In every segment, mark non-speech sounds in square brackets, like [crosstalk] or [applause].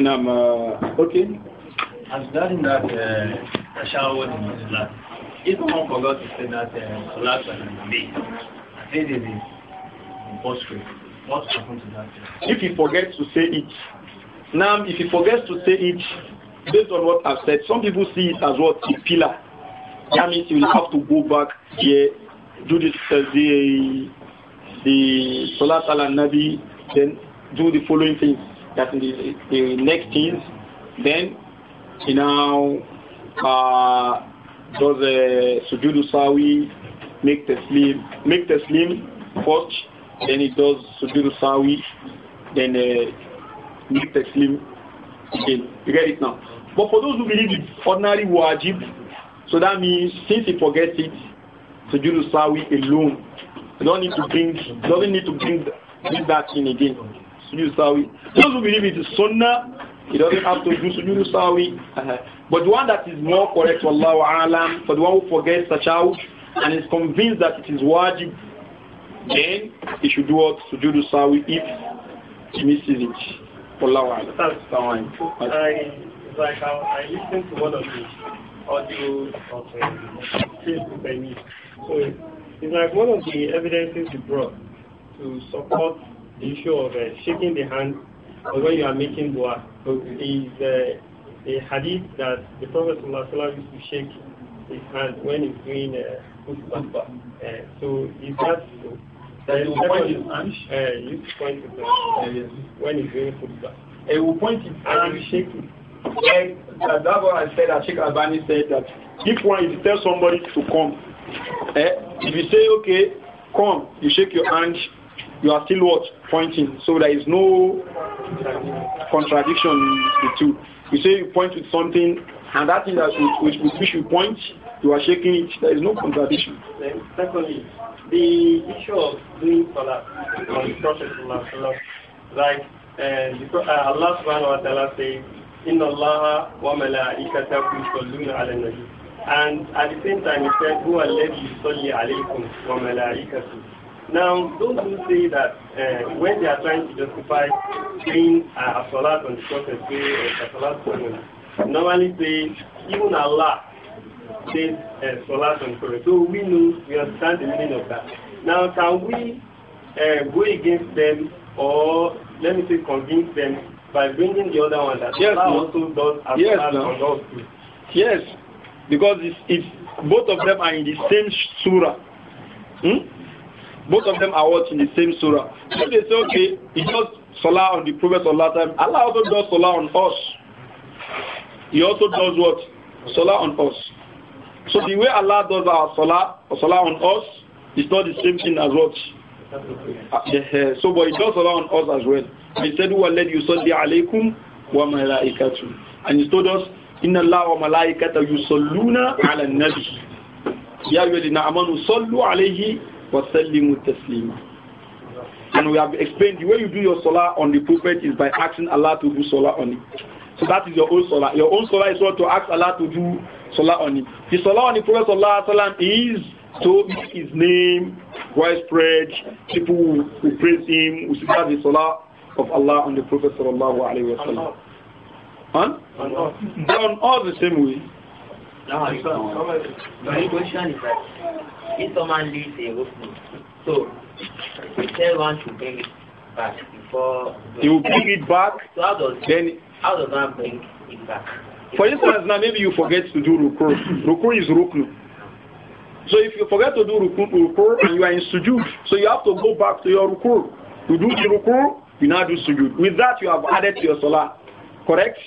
Naam, uh, okay. As that in Islam, if someone forgot to say that uh, Salat I What to that? If he forgets to say it, now if he forgets to say it, based on what I've said, some people see it as what a pillar. That means you will have to go back here, do this, uh, the the Salat al-Nabi, then do the following things that in the, the next is, then you know, uh, does the uh, sujudu sawi, make the slim, make the slim first, then it does sujudu sawi, then uh, make the slim again. You get it now. But for those who believe it's ordinary wajib, so that means since he forgets it, sujudu sawi alone, you don't need to bring, doesn't need to bring, bring that in again sujood sawi. Those who believe it is sunnah, he doesn't have to do sujood sawi. Uh -huh. But the one that is more correct, wallahu alam, for the one who forgets such out and is convinced that it is wajib, then he should do what sujood sawi if he misses it. Wallahu alam. That's fine. I, like, I, I listened to one of the audio of uh, Facebook So it's like one of the evidences you brought to support the issue of uh, shaking the hand or when you are making dua is uh, a hadith that the Prophet ﷺ used to shake his hand when he's doing uh, khutbah. Uh, uh, so is that so? That will point his hand? Uh, you point his hand when he's doing khutbah. He will point his hand. And shake it. that's what I said, that Sheikh Albani said that if one is tell somebody to come, eh, if you say, okay, come, you shake your hand, you are still what? Pointing. So there is no contradiction in the two. You say you point with something, and that thing that which, which, which you point, you are shaking it. There is no contradiction. secondly, the issue of doing salah on the Prophet like uh, Allah subhanahu wa ta'ala says, Inna Allaha wa malaikatahu yusalluna ala nabi. And at the same time, he said, Huwa alladhi salli alaykum wa malaikatuhu. Now, those who say that uh, when they are trying to justify saying uh, Salat on the Prophet, say Salat on normally say even Allah says uh, Salat on the Prophet. So we know, we understand the meaning of that. Now, can we uh, go against them or, let me say, convince them by bringing the other one that yes, Allah also does as yes, on those two? Yes, because it's, it's, both of them are in the same surah. Hmm? Both of them are watching the same surah. So they say, okay, he just salah on the Prophet Salah time. Allah also does salah on us. He also does what? Salah on us. So the way Allah does our salah, or salah on us, is not the same thing as what? Uh, eh, eh, so, but he does salah on us as well. He said, "Who led you salli alaykum wa malaikatu?" And he told us, "Inna Allah wa malaikata yusalluna ala nabi." Ya ayyuhallazina amanu sallu alayhi وَسَلِّمُوا تَسْلِيمًا And we have explained the way you do your salah on the Prophet is by asking Allah to do salah on it. So that is your own salah. Your own salah is what to ask Allah to do salah on it. The salah on the Prophet sallam, is to make his name widespread. People who praise him who should have the salah of Allah on the Prophet sallallahu Allah wasallam. On, on all the same way. My question is that if someone leaves a rope, so the tell one to bring it back before. He will bring it back. So how does then how does one bring it back? For instance, now maybe you forget to do rukur. rukur is ruknu. So if you forget to do rukur, rukur and you are in sujud, so you have to go back to your rukur. To do the rukur, you now do sujud. With that, you have added to your salah. Correct?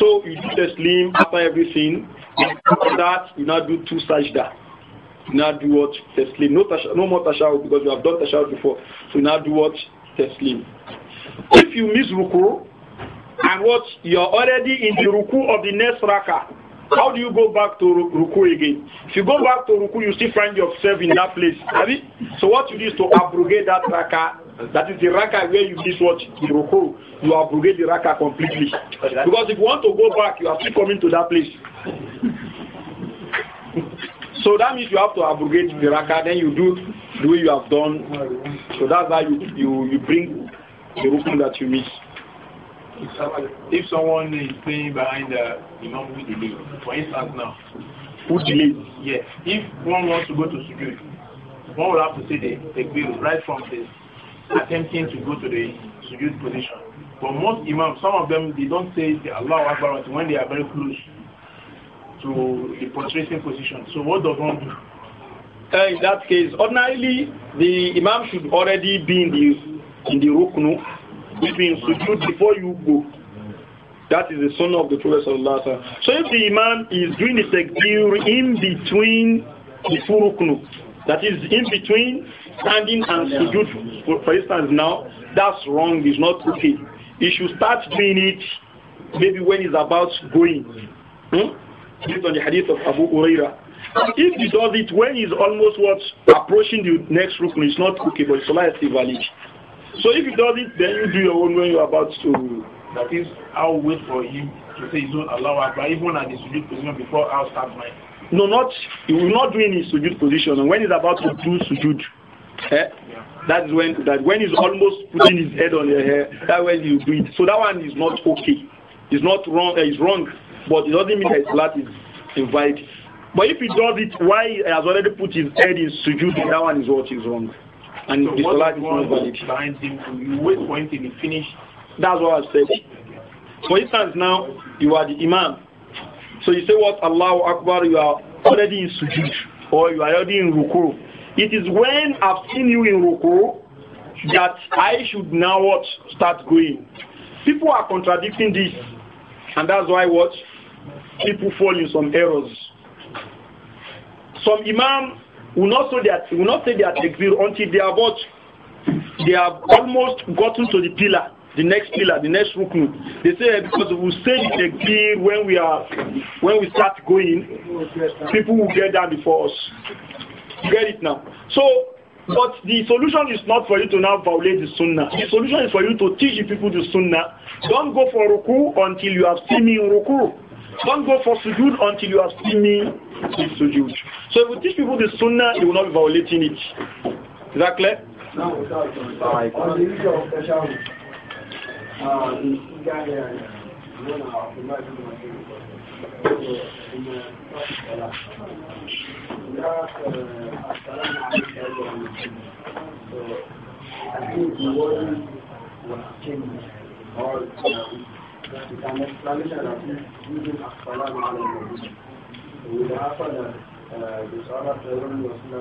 So you do the slim after everything, after that, you now do two sajda. You now do what? Taslim. No, tash- no more tashahud because you have done tashahud before. So now do what? Taslim. If you miss ruku and what? You're already in the ruku of the next raka, How do you go back to ruku again? If you go back to ruku, you still find yourself in that place. So what you do is to abrogate that raka. That is the raka where you miss what the ruku. You abrogate the raka completely. Because if you want to go back, you are still coming to that place. so that means you have to abrogate the raka, then you do the way you have done. So that's why you, you, you bring the ruku that you miss. If someone is staying behind the imam who delay, for instance now, who delay? Yes. If one wants to go to school one will have to say the, the bill right from this attempting to go to the sujood position. But most imams, some of them, they don't say the Allah Akbar until when they are very close to the prostrating position. So what does one do? Uh, in that case, ordinarily the imam should already be in the in the ruknu between sujood before you go. That is the son of the Prophet So if the imam is doing the takbir in between the two ruknu, that is in between standing and sujood, for, for instance, now, that's wrong, it's not okay. You should start doing it maybe when it's about going, hmm? based on the hadith of Abu Uraira. If he does it when he's almost what approaching the next rukun, it's not okay, but Salah is still valid. So if he does it, then you do your own when you're about to. That is, I'll wait for him to say he's not allowed. But even at the sujood position before I'll start mine. No, not he will not do any sujud position. And when he's about to do sujud, eh, that's when that when he's almost putting his head on your hair, that when you do it. So that one is not okay. It's not wrong. Uh, it's wrong, but it doesn't mean that his salat is invited. But if he does it, why he has already put his head in sujud, that one is what is wrong, and so the is not valid. Behind him, you wait for him to finish. That's what I said. For instance, now you are the imam so you say what Allahu Akbar, you are already in sujood or you are already in ruku. It is when I've seen you in ruku that I should now what start going. People are contradicting this, and that's why what people fall in some errors. Some imam will not say that will not say that until they are what they have almost gotten to the pillar the next pillar, the next rukun. They say because we say the again when we are when we start going, people will get down before us. You get it now. So but the solution is not for you to now violate the sunnah. The solution is for you to teach the people the sunnah. Don't go for ruku until you have seen me in ruku. Don't go for sujood until you have seen me in sujood. So if you teach people the sunnah, you will not be violating it. Is that clear? No, I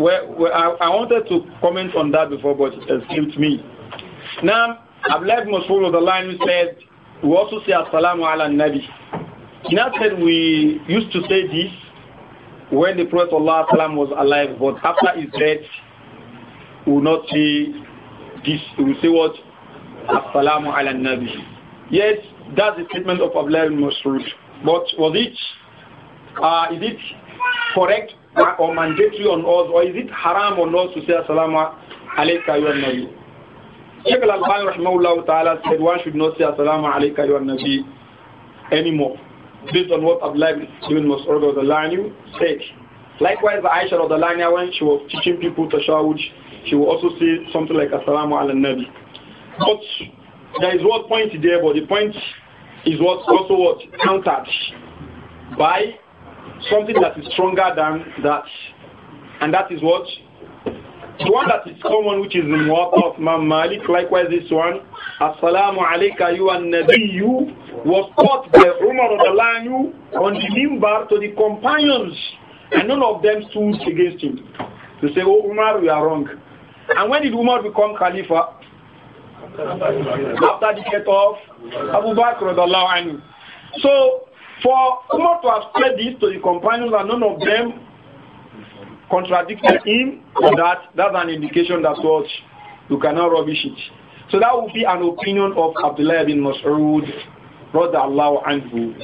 well, well I, I wanted to comment on that before, but it escaped me. Now, Abdullah Mas'ud of the line said, we also say Assalamu ala Nabi. In that said, we used to say this when the Prophet Allah was alive, but after his death, we will not say this. We will say what? Assalamu ala Nabi. Yes, that's the statement of Abdullah Mas'ud. But was it, uh, is it correct or mandatory on us, or is it haram on us to say Assalamu alayka ya Nabi? Sheikh Al-Albani rahimahullah ta'ala said one should not say assalamu alayka ya nabi anymore based on what Abdullah ibn Mas'ud al Lani said. Likewise, Aisha of the Lani, when she was teaching people tashawuj, she would also say something like assalamu ala nabi. But there is one point there, but the point is what also what countered by something that is stronger than that. And that is what the one that is common, which is the Muwatta of Imam Malik, likewise this one, Assalamu alayka you and Nabiyu, was taught by Umar Adalanyu on the Mimbar to the companions, and none of them stood against him. They say, Oh Umar, we are wrong. And when did Umar become Khalifa? After the death of Abu Bakr Adalanyu. So, for Umar to have said this to the companions and none of them contradicted him on that, that's an indication that what you cannot rubbish it. So that would be an opinion of Abdullah bin Mas'ud, brother Allah anhu.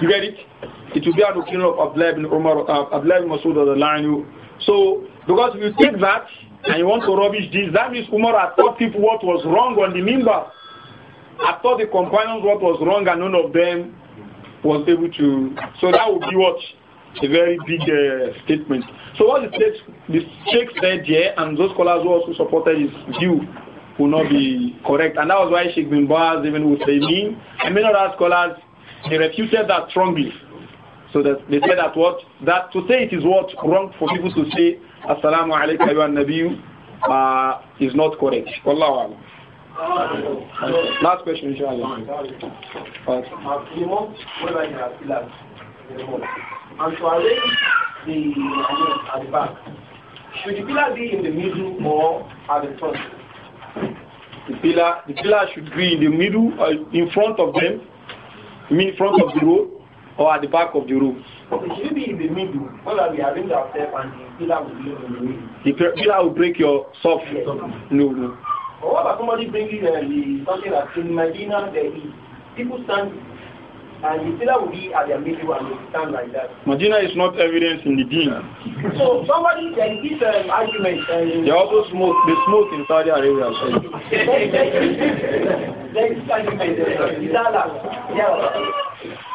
You get it? It would be an opinion of Abdullah bin Umar, uh, Abdullah bin Mas'ud of the line. So, because if you take that and you want to rubbish this, that means Umar had taught people what was wrong on the member. I thought the companions what was wrong and none of them was able to. So that would be what a very big uh, statement. So what the, the Sheikh said here, and those scholars who also supported his view, will not be correct. And that was why Sheikh Bin Baz, even Husseini, and many other scholars, they refuted that strongly. So that they said that what that to say it is what wrong for people to say Assalamu alaikum wa nabiyu uh, is not correct. Wallahu alam. Last question, inshallah and to arrange the at the back. Should the pillar be in the middle or at the front? The pillar, the pillar should be in the middle, or uh, in front of them. in front of the road or at the back of the road? Okay, should it be in the middle? Well, we arrange ourselves and the pillar will be in the middle. The pillar will break your soft. Yes. No, no. But what about somebody bringing uh, the, something that's in Medina? There is people stand And you see that would be at their middle and they stand like that. Medina is not evidence in the deen. so somebody can give an argument. Uh, they also smoke, they smoke in Saudi Arabia. So. [laughs] Next um,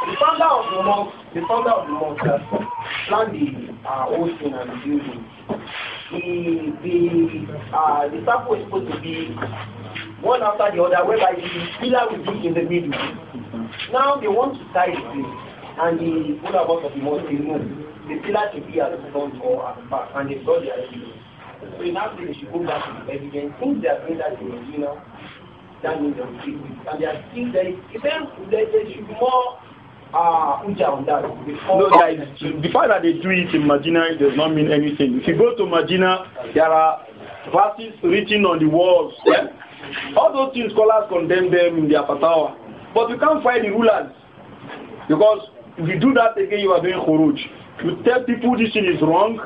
The founder of the mosque, the founder of the mosque that planned the uh, ocean and the building. The, the, uh, the circle is supposed to be one after the other, whereby the pillar will be in the middle. Now they want to tie it in, and the followers of the mosque say no, the pillar should be at the front or at the back, and they saw their evidence. So in that they should go back to the evidence. Since they are doing that in you know, that means they will take it. And they are still there. Even there, there should be more uh, on that. Before no, the fact that they do it in Medina does not mean anything. If you go to Medina, there are verses written on the walls. Yeah? All those things scholars condemn them in their fatwa. But you can't find the rulers. Because if you do that again, you are doing khuruj. You tell people this thing is wrong,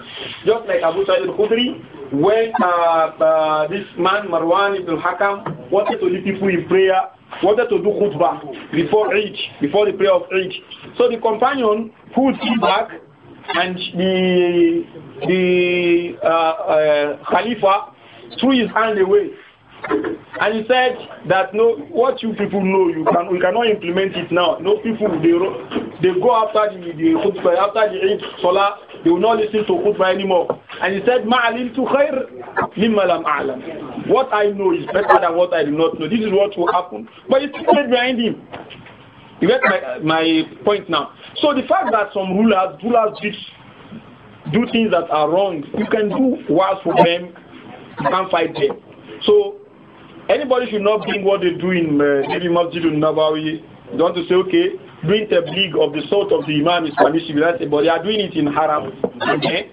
just like Abu Sa'id al-Khudri, when uh, uh, this man, Marwan ibn hakam wanted to lead people in prayer, wanted to do khutbah before Eid, before the prayer of Eid. So the companion pulled him back, and the, the uh, uh Khalifa threw his hand away and he said that no, what you people know, you can we cannot implement it now. No people they they go after the the khutbah, after the Eid Salah, they will not listen to khutbah anymore. And he said, Ma'alim tu khair mimma lam a'lam. What I know is better than what I do not know. This is what will happen. But he still behind him. You get my my point now. So the fact that some rulers rulers did do things that are wrong, you can do worse for them, you can't fight them. So Anybody should not bring what they do in uh, maybe Masjid al-Nabawi. They want to say, okay, doing the big of the sort of the Imam is permissible. but they are doing it in haram. Okay?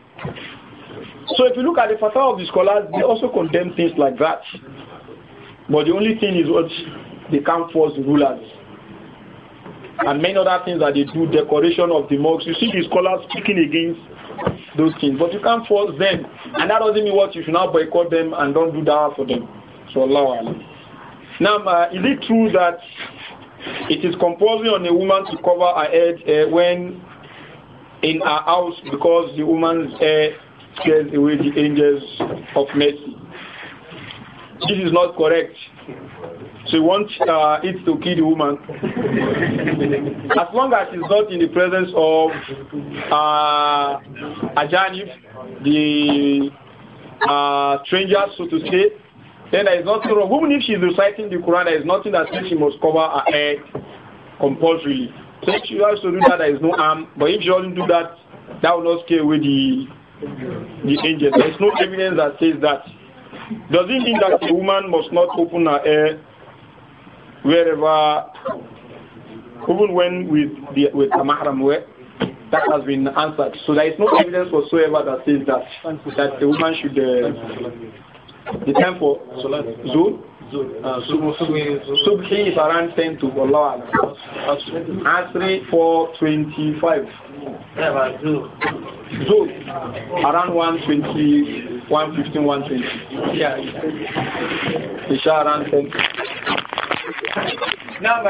So if you look at the fatwa of the scholars, they also condemn things like that. But the only thing is what they can't force the rulers. And many other things that they do, decoration of the mosques. You see the scholars speaking against those things, but you can't force them. And that doesn't mean what you should now boycott them and don't do that for them. So Allah Now, uh, is it true that it is compulsory on a woman to cover her head uh, when in her house because the woman's hair scares away the angels of mercy? This is not correct. She wants uh, it to kill the woman. [laughs] as long as she's not in the presence of uh, janif, the uh, stranger, so to say, then there is nothing wrong. Even if she is reciting the Quran, there is nothing that says she must cover her head compulsorily. So if she has to do that, there is no harm. But if she doesn't do that, that will not scare away the the angels. There is no evidence that says that. Doesn't mean that a woman must not open her hair wherever, even when with the with a mahram wear. That has been answered. So there is no evidence whatsoever that says that that a woman should. Uh, the time for Salat Zul? Uh, Subhi is around 10 to Allah. Asri 425. Zul around 120, 115, 120. Yeah. Isha around 10. Number.